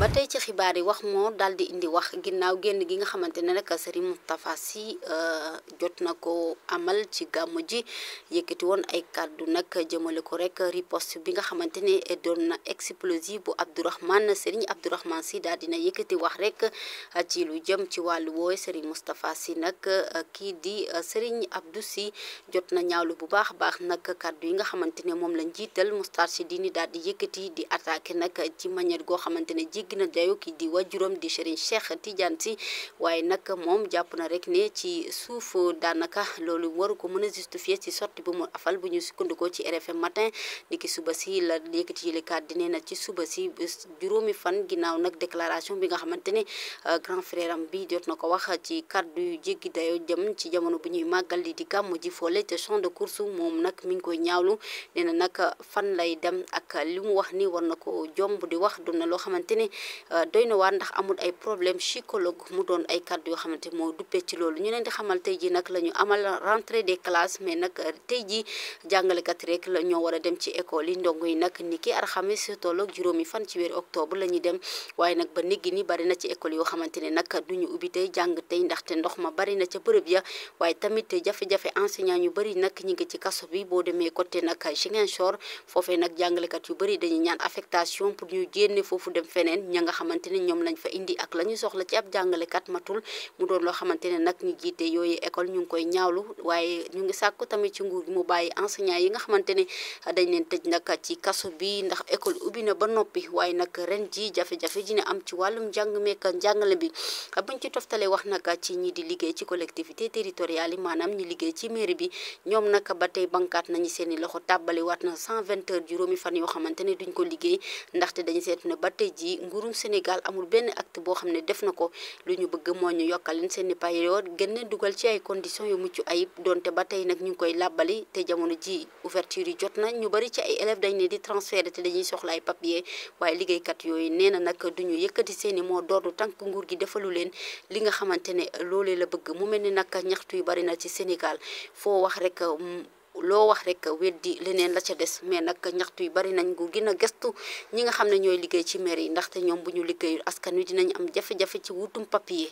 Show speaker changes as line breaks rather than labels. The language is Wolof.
ba tey ci xibaar yi wax moo daal di indi wax ginnaaw génn gi nga xamante ne nag Serigne si Sy euh, jot na ko amal ci gàmmu ji yëkkati woon ay kàddu nag jëmale ko rek riposte bi nga xamante ne doon na explosive bu Abdourahmane Serigne Abdourahmane si daal dina yëkkati wax rek euh, ci lu jëm ci wàllu wooy Serigne Moustapha Sy nag euh, kii di Serigne Abdou Sy jot na ñaawlu bu baax baax nag kàddu yi nga xamante ne moom lañ jiital Moustarchidine daal di yëkkati di attaqué nag ci manière goo xamante ne jéggi na dayo ki nag moom jàpp na rek ne ci suuf daanaka loolu waru ko mën a justifier ci sorti bu mu afal bu ñu sukkandikoo ci RFM matin niki suba si la yëkkati yële kàddu nee na ci suba si juróomi fan ginnaaw nag déclaration bi nga xamante ne euh, grand frère bi jot na ko wax ci kàddu yu jéggi dayo jëm ci jamono bu ñuy màggal li di gàmmu ji foole te champ de course moom nag mu ngi koy ñaawlu nee na fan lay dem ak li mu wax ni war na ko jomb di wax doon na loo xamante ne Euh, doy na waar ndax amul ay problème psychologue mu doon ay kàddu yoo xamante moo duppee ci loolu ñu leen di xamal tey ji nag lañu amal rentrée des classes mais nag euh, tey ji jàngalekat rek la ñoo war a dem ci école yi ndongo yi nag ni ki alxames tolloog juróomi fan ci weeru octobre la ñuy dem waaye ba néggi ni bari na ci école yoo xamante ne nag duñu ubbi tey jàng tey ndaxte ndox ma bari na ca bërëb ya waaye tamit jafe-jafe enseignant ñu bëri nag ñi ngi ci kaso bi boo demee côté nag Ziguinchor foofee nag jàngalekat yu bëri dañuy ñaan affectation pour ñu génne foofu dem feneen ña nga xamante ne ñoom lañu fa indi ak la ñu soxla ci ab jàngalekat matul mu doon loo xamante ne nag ñu jiite yooyu école ñu ngi koy ñaawlu waaye ñu ngi sàkku tamit ci nguur gi mu bàyyi enseignant yi nga xamante ne dañ leen tëj nag ci kaso bi ndax école ubbi na ba noppi waaye nag ren ji jafe-jafe dina am ci wàllum njàng meek njàngale bi buñ ci toftale wax nag ci ñi di liggéey ci collectivité territoriale yi maanaam ñi liggéey ci mairie bi ñoom nag ba tey bankaat nañu seen i loxo tàbbali waat na 120 heures juróomi fan yoo xamante ne duñ ko liggéey ne ba tey ji nguurum Sénégal amul benn acte boo xam ne def na ko lu ñu bëgg moo ñu yokkal seeni seen i payoor gën dugal ci ay conditions yu mucc ayib donte ba tey nag ñu ngi koy làbbali te jamono ji ouverture yi jot na ñu bari ci ay élèves dañ ne di transféré te dañuy soxla ay papier waaye liggéeykat yooyu nee na nag du ñu yëkkati seen i moo doorlu tànk nguur gi defalu leen li nga xamante ne loolee la bëgg mu mel ni nag ñaxtu yu bari na ci Sénégal foo wax rek mm, loo wax rek weddi leneen la ca des mais nag ñaxtu yi bari nañ gu gën a gëstu ñi nga xam ne ñooy liggéey ci maire yi ndaxte ñoom bu ñu liggéeyul askan wi dinañ am jafe-jafe ci wutum papier